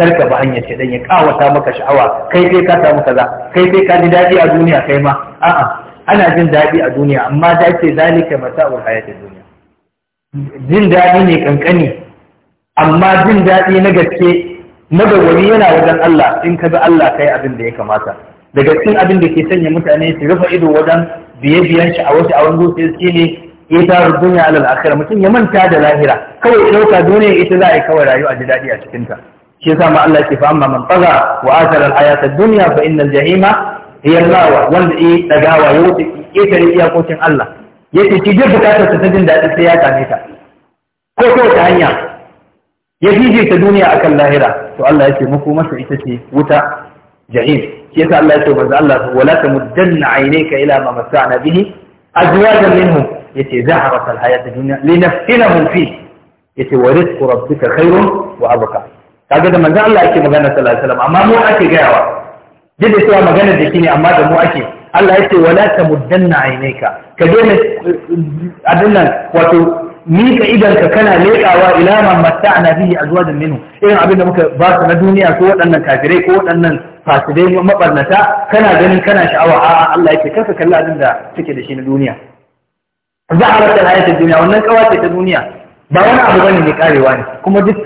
karka ba hanyar shi ya kawata maka sha'awa kai sai ka samu kaza kai sai ka ji daɗi a duniya kai ma a'a ana jin daɗi a duniya amma dace ce zalika mata'ul hayatid duniya jin daɗi ne kankani amma jin daɗi na gaske madawwami yana wajen Allah in ka bi Allah kai abin da ya kamata daga cikin abin da ke sanya mutane su rufe ido wajen biye-biyen sha'awarsu a wani zuciya shi ne ya ita duniya alal akhirah mutum ya manta da lahira kawai ɗauka duniya ita za a yi kawai rayuwa ji daɗi a cikinta shi yasa ma Allah ke fa amma man taga wa athara al-hayata ad-dunya fa inna al-jahima hiya al-mawa wanda eh dagawa ya wuce ƙetare iyakokin Allah yace shi duk bukatar ta jin daɗi sai ya same ta ko ko ta hanya ya ta duniya akan lahira to Allah yake muku masa ita ce wuta jahim shi yasa Allah yake manzo Allah wala tamuddanna aynaka ila ma mata'na bihi azwajan minhum yace zaharat alhayat ad-dunya linafsinahum fi yace wa rizqu rabbika khairun wa abqa kaga da manzon Allah ake magana sallallahu alaihi wasallam amma mu ake gayawa duk da cewa magana da shi ne amma da mu ake Allah ya ce wala tamuddanna aynayka ka daina abin nan wato mika ka kana leƙawa ila man matta'na bihi azwajan minhu irin abin da muka ba su na duniya ko waɗannan kafirai ko waɗannan fasidai mabarnata kana ganin kana sha'awa a Allah yake karka kalli abin da suke da shi na duniya za a rasa hayatar duniya wannan kawace ta duniya ba wani abu bane ne karewa ne kuma duk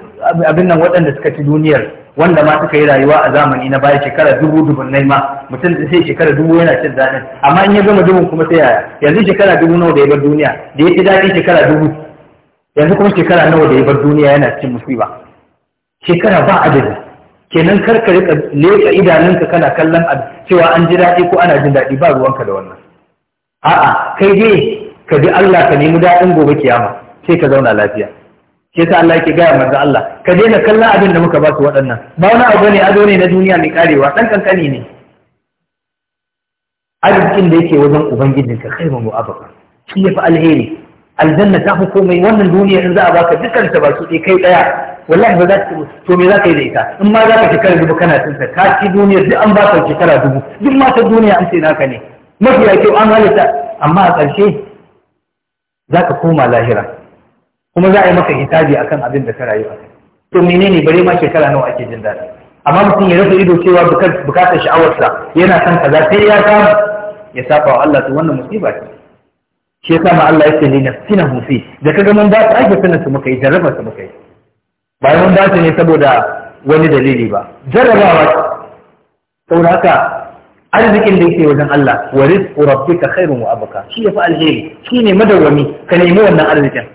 abin nan waɗanda suka ci duniyar wanda ma suka yi rayuwa a zamani na baya shekara dubu nai ma mutum da sai shekara dubu yana cin daɗin amma in ya gama dubun kuma sai yaya yanzu shekara dubu nawa da ya bar duniya da ya ci daɗin shekara dubu yanzu kuma shekara nawa da ya bar duniya yana cin musiba shekara ba adadi kenan kar ka rika leka idanunka kana kallon cewa an ji daɗi ko ana jin daɗi ba ruwanka da wannan a'a kai dai ka bi Allah ka nemi daɗin gobe kiyama sai ka zauna lafiya ke sa Allah ke gaya manzo Allah ka daina kallon abin da muka ba su waɗannan ba wani abu ne ado ne na duniya mai karewa dan kankani ne arzikin da yake wajen ubangijinka khairun mu abaka shi fa alheri aljanna ta fi komai wannan duniya in za a baka dukkan ta ba su ɗaya kai ɗaya wallahi ba za ka to me za ka yi da ita in ma za ka shekara dubu kana cin ta ka ci duniya duk an baka shekara dubu duk ma ta duniya an ce naka ne mafiya kyau an halitta amma a ƙarshe za ka koma lahira kuma za a yi maka hisabi akan abin da ka rayu a to menene bare ma shekara nawa ake jin daɗi amma mutum ya rasa ido cewa bukatar sha'awarsa yana son kaza sai ya samu ya saba wa Allah to wannan musiba ce shi yasa ma Allah yake ne nafsina hufi da kaga mun ba ta ake sanin su muka yi jarraba su muka yi ba mun ba ta ne saboda wani dalili ba jarrabawa saboda haka arzikin da yake wajen Allah wa rizqu rabbika khairun wa abqa shi ya yafi alheri ne madawami ka nemi wannan arzikin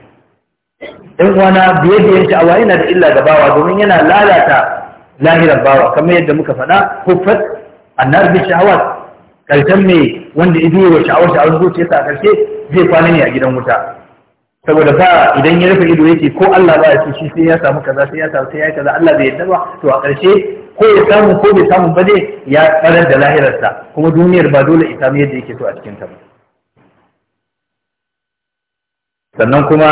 in wana biye da sha'awa yana da illa ga bawa domin yana lalata lahirar bawa kamar yadda muka faɗa huffat annar bi sha'awat karshen mai wanda ido wa sha'awar sha'awar zuciya ta karshe zai kwana ne a gidan wuta saboda ba idan ya rufe ido yake ko Allah ba ya ce shi sai ya samu kaza sai ya samu sai ya kaza Allah bai yadda ba to a karshe ko ya samu ko bai samu ba dai ya tsarar da sa. kuma duniyar ba dole ita samu yadda yake so a cikin ta sannan kuma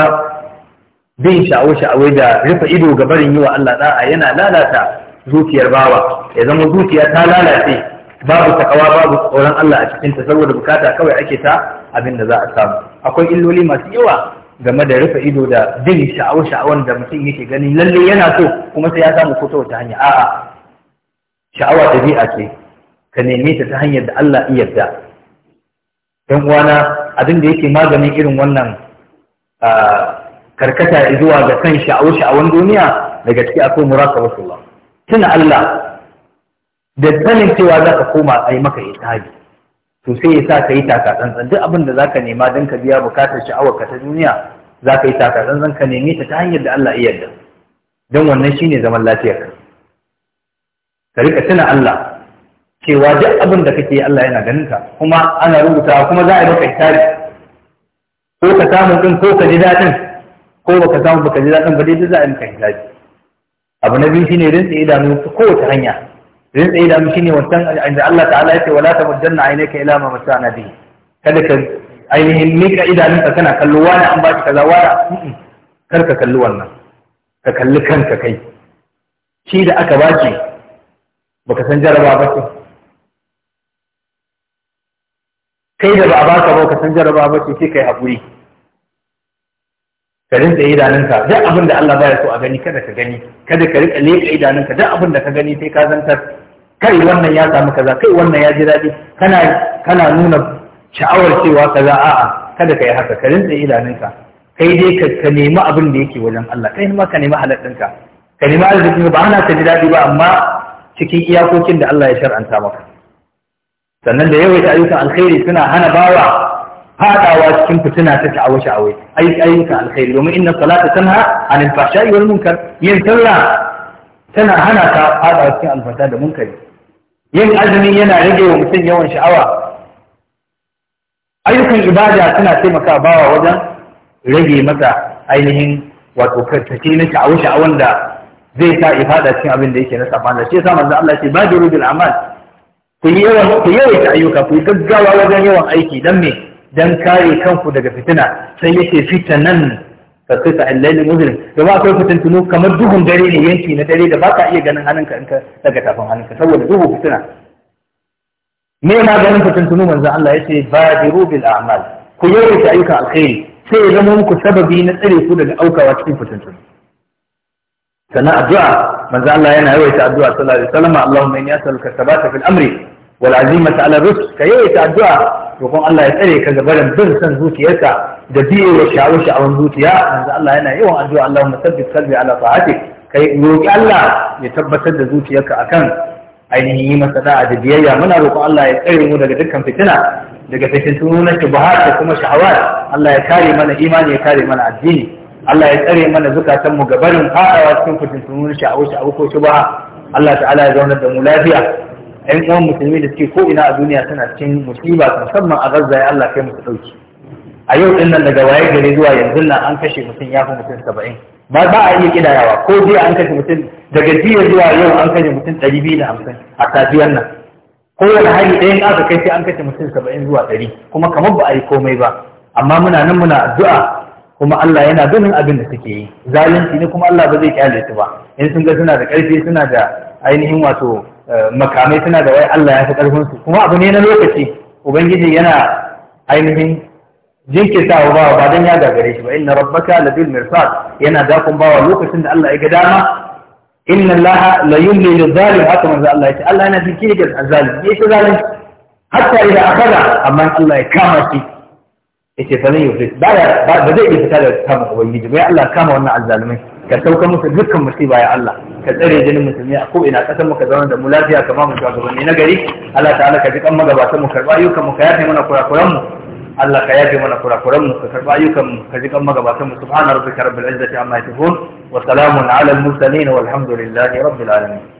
bin sha'awa-sha'awai da rufe ido ga barin yi wa Allah da'a yana lalata zuciyar bawa ya zama zuciya ta lalace babu takawa babu tsoron Allah a cikin ta saboda bukata kawai ake ta abin da za a samu akwai illoli masu yawa game da rufe ido da bin sha'awa-sha'awan da mutum yake gani lalle yana so kuma sai ya samu ko ta wata hanya a'a sha'awa dabi'a ce ka neme ta ta hanyar da Allah iya yarda dan uwana abin da yake maganin irin wannan ah, karkata zuwa ga kan shaawar sha'awan duniya daga ciki akwai wasu ba. tuna Allah da sanin cewa za ka koma a yi maka hisabi to sai ya sa ka yi taka tsantsan duk abin da za ka nema don ka biya bukatar sha'awar ka ta duniya za ka yi taka tsantsan ka neme ta ta hanyar da Allah ya yarda don wannan shi ne zaman lafiyar ka rika tuna Allah cewa duk abin da kake Allah yana ganin ka kuma ana rubuta kuma za a yi maka hisabi ko ka samu ɗin, ko ka ji daɗin ko baka samu baka ji daɗin ba dai za a maka hisabi abu na biyu shine rinsa idanu ta kowace hanya rinsa idanu shine wancan inda Allah ta'ala ya ce wala tamuddanna aynaka ila ma na bihi kada ka ainihin mika idanunka kana kallo wani an ba shi kaza wani kar ka kalli wannan ka kalli kanka kai shi da aka baki baka san jaraba ba ce kai da ba a baka ba ka san jaraba ba ce sai kai haƙuri ka rinka idanunka duk abin da Allah baya so a gani kada ka gani kada ka rika leka idanunka duk abin da ka gani sai ka zantar kai wannan ya samu kaza kai wannan ya ji daɗi kana kana nuna sha'awar cewa kaza a'a kada ka yi haka ka rinka idanunka kai dai ka nemi abin da yake wajen Allah kai ma ka nemi halaɗinka ka nemi arziki ba ana ka ji daɗi ba amma cikin iyakokin da Allah ya shar'anta maka sannan da yawaita ayyukan alkhairi suna hana bawa fadawa cikin fitina ta ta'awa sha'awai ai ayyuka alkhairi domin inna salata tanha anil fahsha'i wal munkar yin sallah tana hana ka fadawa cikin alfata da munkari yin azumi yana rage wa mutum yawan sha'awa ayyukan ibada suna taimaka bawa wajen rage masa ainihin wato karkace na sha'awa sha'awan da zai sa ifada cikin abin da yake na da. shi yasa manzo Allah ce badiru bil amal ku yi yawan ku yawaita ayyuka ku yi gaggawa wajen yawan aiki dan me dan kare kanku daga fitina sai yake fitanan ka kai ta allaili muslim da ba akwai fitintunu kamar duhun dare ne yanki na dare da ba ka iya ganin hannunka in ka daga tafin hannunka saboda duhu fitina me ma ganin fitintunu manzo Allah yace badiru bil a'mal ku yi yawaita ayyuka alkhairi sai ya zama muku sababi na tsare ku daga aukawa cikin fitintunu sannan addu'a manzo Allah yana yawaita addu'a sallallahu alaihi wasallam Allahumma inni as'aluka thabata fil amri wal azimata ala rusul ka yawaita addu'a roƙon Allah ya tsare ka gaba bin san zuciyarka da biye wa shawo sha'awan zuciya manzo Allah yana yawan addu'a Allahumma sabbit qalbi ala ta'atik kai roƙi Allah ya tabbatar da zuciyarka akan ainihin yi masa da biyayya muna roƙon Allah ya tsare mu daga dukkan fitina daga fitintunu na shubuhat da kuma shahawat Allah ya kare mana imani ya kare mana addini Allah ya tsare mana zukatan mu gabarin fadawa cikin fitintunu na sha'awu sha'awu ko shubaha Allah ta'ala ya zaunar da mu lafiya yan uwan musulmi da suke ko ina a duniya suna cikin musiba musamman a gaza ya Allah kai musu ɗauki a yau din nan daga waye gari zuwa yanzu nan an kashe mutum ya fi mutum saba'in ba ba a iya kidayawa ko jiya an kashe mutum daga jiya zuwa yau an kashe mutum ɗari biyu da hamsin a safiyar nan kowane hali ɗayan aka kai sai an kashe mutum saba'in zuwa ɗari kuma kamar ba a yi komai ba amma muna nan muna addu'a kuma Allah yana ganin abin da suke yi zalunci ne kuma Allah ba zai kyale su ba in sun ga suna da ƙarfi suna da ainihin wato makamai suna da wai Allah ya fi ƙarfinsu kuma abu ne na lokaci ubangiji yana ainihin jinkirtawa bawa ba don ya gagare shi ba inna rabbaka labil mirsad yana dakon bawa lokacin da Allah ya ga dama inna Allah la yumli lil zalim haka manzo Allah ce Allah yana jinkiri ga zalim yace zalim hatta idan akaza amma Allah ya kama shi yace fa ne yufi ba ba zai iya fita da kama ubangiji bai Allah kama wannan azzalimai ka sauka musu dukkan musiba ya Allah ka tsare jinin musulmi a ko ina kasan muka zauna da mu lafiya kama mu shugabanni na gari Allah ta'ala ka ji kan magabatan mu karba ayyukan mu ka yafe mana kurakuran mu Allah ka yafe mana kurakuran mu ka karba ayyukan mu ka ji kan magabatan mu subhana rabbika rabbil izzati amma yasifun wa salamun ala al mursalin walhamdulillahi rabbil alamin